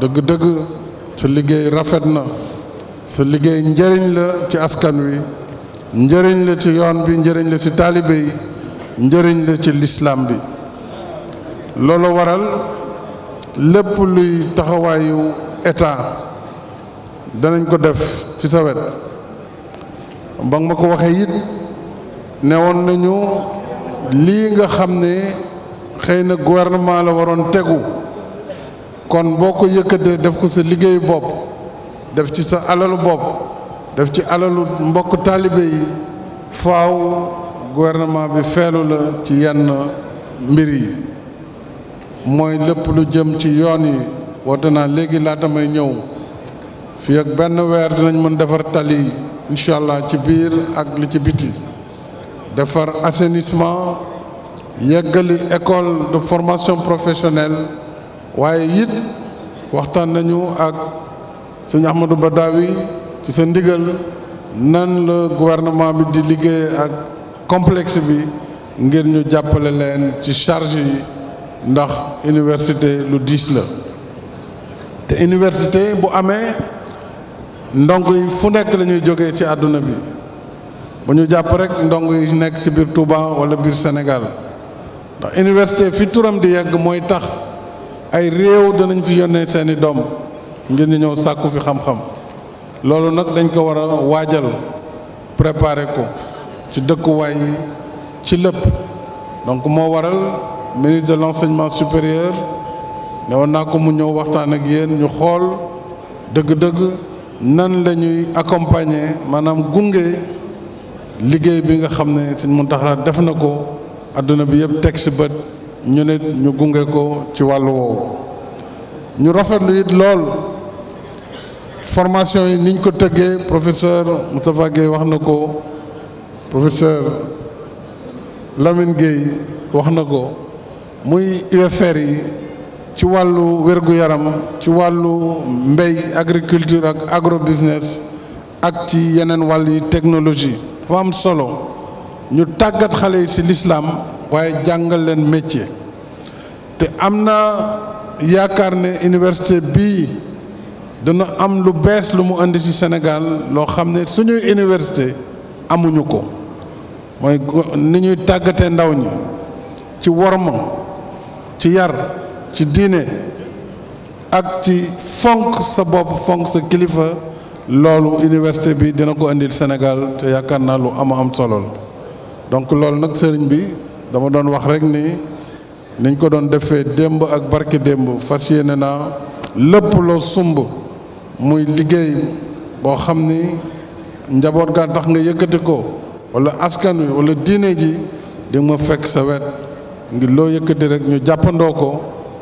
dëgg-dëgg sa liggéey rafet na sa liggéey njëriñ la ci askan wi njëriñ la ci yoon bi njëriñ la ci taalibe yi njëriñ la ci lislaam bi loolu waral lépp luy taxawaayu état danañ ko def ci sa wet ba ma ko waxee it ne nañu lii nga xam ne xëy na gouvernement la waroon tegu kon boo ko yëkkatee def ko sa liggéeyu bopp def ci sa alalu bopp def ci alalu mbokk taalibe yi faaw gouvernement bi feelu la ci yenn mbir yi mooy lépp lu jëm ci yoon yi woote naa léegi laata may ñëw fii ak benn weer dinañ mën defar tali yi incha allah ci biir ak li ci biti defar assainissement yeggali école de formation professionnelle waaye it waxtaan nañu ak sëñ Ahmadou Badawi ci sa ndigal nan la gouvernement bi di liggéey ak complexe bi ngir ñu jàppale leen ci charge yi ndax université lu diis la te iniwersité bu amee ndongo yi fu nekk lañuy jóge ci àdduna bi bu ñu jàpp rek ndongo yi nekk ci biir Touba wala biir Sénégal ndax université fi turam di yegg mooy tax ay réew danañ fi yónnee seeni doom ngir ñu ñëw sàkku fi xam-xam loolu nag dañ ko war a waajal préparer ko ci dëkkuwaay yi ci lépp donc moo waral ministre de l'enseignement supérieur newoon naa ko mu ñëw waxtaan ak yéen ñu xool dëgg-dëgg nan la ñuy accompagner maanaam gunge liggéey bi nga xam ne Sëñ Muntaxa def na ko àdduna bi yëpp teg ci bët ñu nit ñu gunge ko ci wàllu woowu ñu rafetlu it lool formation yi niñ ko tëggee professeur Moustapha Guèye wax na ko professeur lamin Guèye wax na ko muy UFR yi ci wàllu wérgu yaram ci wàllu mbéy agriculture ak agro business ak ci yeneen wàll yi technologie dafa am solo ñu tàggat xale yi ci lislaam waaye jàngal leen métier te am na yaakaar ne université bii dana am lu bees lu mu indi ci Sénégal loo xam ne suñuy université amuñu ko mooy ni ñuy tàggatee ndaw ñi ci worma ci yar ci diine ak ci fonk sa bopp fonk sa kilifa loolu université bi dina ko indil Sénégal te yaakaar naa lu ama am solo donc loolu nag sëriñ bi dama doon wax rek ni niñ ko doon defee démb ak barke démb fas yéene naa lépp loo sumb muy liggéey boo xam ni njaboot gaa tax nga yëkkati ko wala askan wi wala diine ji di ma fekk sa wet ngir loo yëkkati rek ñu jàppandoo ko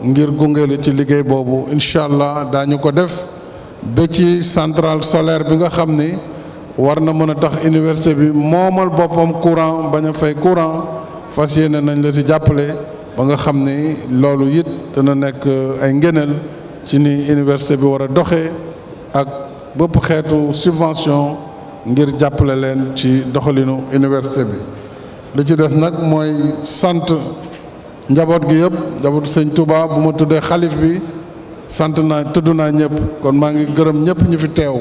ngir gunge la ci liggéey boobu incha allah daañu ko def ba ci central solaire bi nga xam ni war na mën a tax université bi moomal boppam courant bañ a fay courant. fas yéene nañ la ci jàppale ba nga xam ni loolu it dana nekk euh, ay ngëneel ci ni université bi war a doxee ak bëpp xeetu subvention ngir jàppale leen ci doxalinu université bi li ci des nag mooy sant njaboot gi yëpp njabootu sëñ Touba bu ma tuddee xalif bi sant naa tudd naa ñëpp kon maa ngi gërëm ñëpp ñu fi teew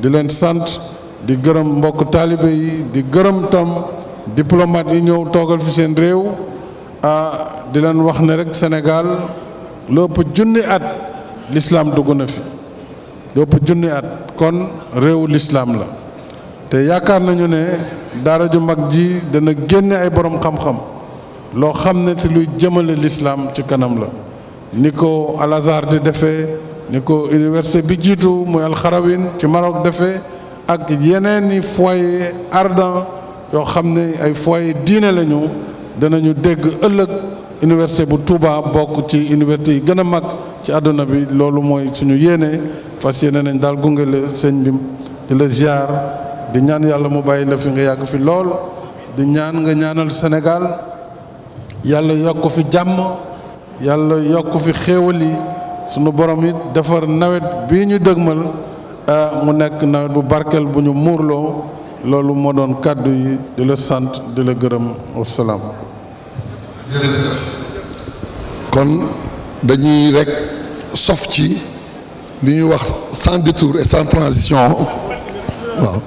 di leen sant di gërëm mbokk taalibe yi di gërëm tam diplomate yi ñëw toogal fi seen réew ah di leen wax ne rek Sénégal lépp junni at lislaam dugg na fi lépp junni at kon réew l'islam la te yaakaar nañu ne daara ju mag ji dana génne ay borom xam-xam loo xam ne ci luy jëmale l'islam ci kanam la ni ko Al Azhar di defee ni ko université bi jiitu muy Al Xarawin ci Maroc defe ak yeneen i foyer ardent yoo xam ne ay foyer diine lañu danañu dégg ëllëg université bu Touba bokk ci université yi gën a mag ci àdduna bi loolu mooy suñu yéene fas yéene nañ daal gunge la sëñ bi di la ziar di ñaan yàlla mu bàyyi la fi nga yàgg fi lool di ñaan nga ñaanal senegal yàlla yokk fi jàmm yàlla yokk fi xéewal yi sunu borom it defar nawet bi ñu dëgmal ah, mu nekk nawet bu barkeel bu ñu muurloo. loolu moo doon kàddu yi di la sant di la gërëm wasalaam kon dañuy rekk sof ci li ñuy wax sans détour et sans transition waaw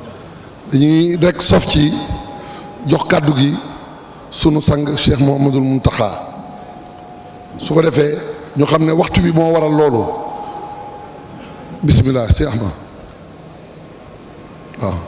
dañuy rek sof ci jox kàddu gi sunu sang Cheikh Mouhamadul Mountakha su ko defee ñu xam ne waxtu wi moo waral loolu bisimilah Cheikh ma waaw